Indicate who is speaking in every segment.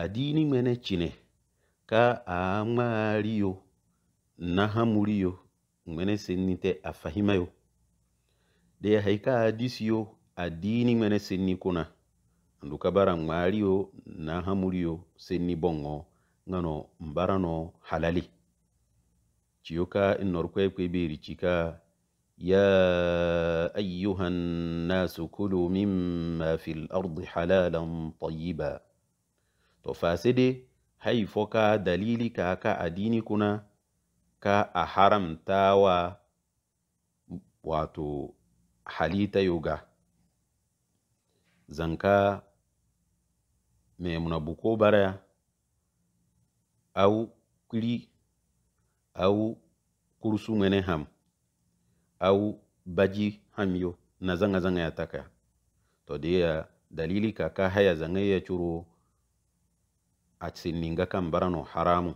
Speaker 1: adini mene chine ka aŋmaari yo nahamuri yo mene senni te afahima yo deya hai ka adisi yo adini mene senni kuna andu ka bara ŋmaari yo nahamuri yo senni boŋo mbarano halali chiyoka ka kwebiri beri يا أيها الناس كلوا مما في الأرض حلالا طيبا tofasede haifoka dalili kaka adini kuna ka a tawa wato halita yuga zanka memuna buko baraya au kuli au kurusu mwene ham au baji hamyo na zanga zanga ya taka dalili kaka haya zanga ya churu asinninga kam barano haramu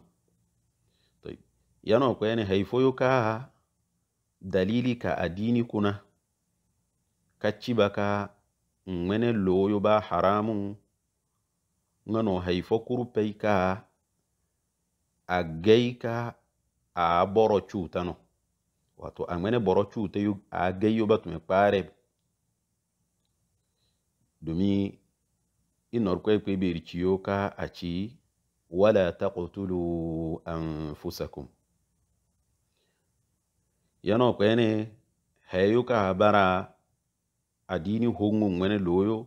Speaker 1: طيب yano ko yani haifoyo ka dalili ka adini kuna kacciba baka ŋmene lowoyo ba haramu ŋano haifo kurpei ka a ka a boro cutano wato a boro cuteyo a geiyo batume kpare domin bir berciyoka aci wala taqtulu anfusakum yano kwene hayuka bara adini hongu mwene loyo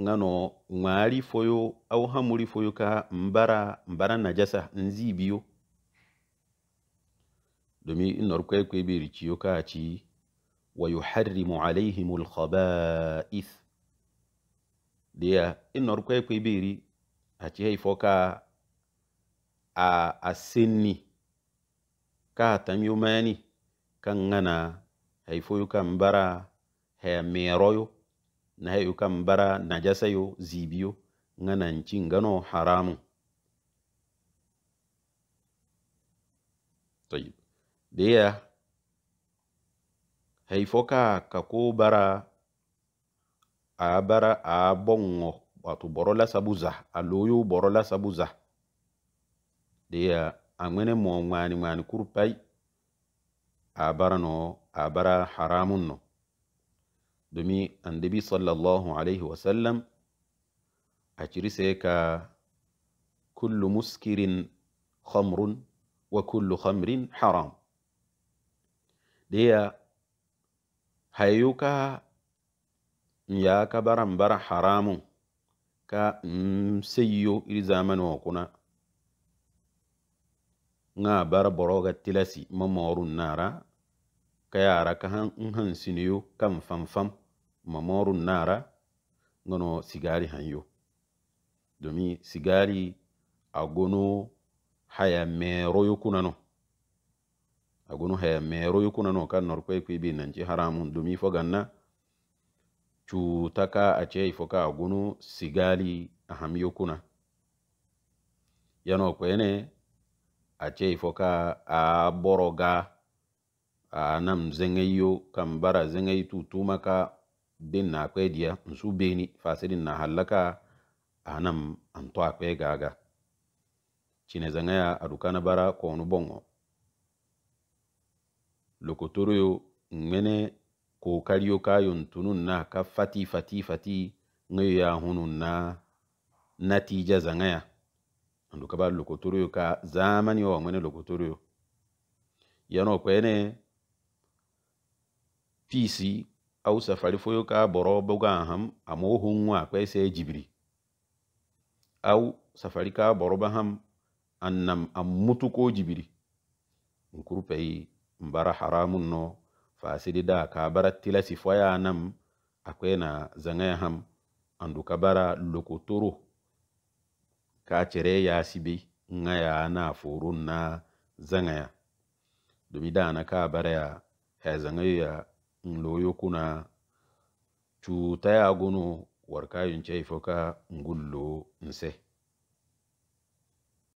Speaker 1: ngano ngwari foyo au hamuri foyo ka mbara mbara najasa nzi biyo domi inorkwekwe achi aci yuharrimu عليهم الخبائث dia inor kwe kwe biri achi hei foka a asinni ka tamyumani kan gana hei foyu kan bara hei meroyo na hei kan bara najasayo zibiyo ngana nchi gano haramu طيب ديا ka كاكو bara. a bara a bongo wato borola sabuza a loyo borola sabuza deya a ŋmene mo ŋmani ŋmani kuru a bara no a bara haramun no domi annabi sallallahu alaihi a ciri sai ka kullu muskirin khamrun wa kullu khamrin haram daya hayuka ya ka baran bara haramun ka mseyo mm, iri zamani wa kuna nga boro boroga tilasi mamorun nara ka yara ka han nhan siniyo kan famfam mamorun nara ngono sigari hanyo domin sigari a haya mero yukuna no a haya mero yukuna no kan norkwe kwe bi haramun domin foganna na cutaka ace ifoka agunu sigali ahamiyokuna yano kwene ace ifoka aboroga anam zengeyo kan bara zengeyi ka din na akwe diya nsu beni fasidin na hallaka anam anto gaga cine zangaya adukana bara konu bongo lokotoro yo kokariyo kayontunun na ka fati fati fati ngayo ya hunun na natija zangaya andu kaba lokotoroyo ka zamani wa mwene lokotoroyo yano kwene fisi au safari foyo ka boro boga ham amo hunwa kwese jibiri au safari ka boro baham annam ammutu ko jibiri nkuru peyi mbara haramun no fasidi da ka bara tilasi foya nam akwai na zangaya ham andu ka bara lokotoro ka cire ya sibi ngaya na forun na zangaya domin da na ka bara ya he zangaya ya nloyo kuna cuta ya gunu warkayun ce ngullo nse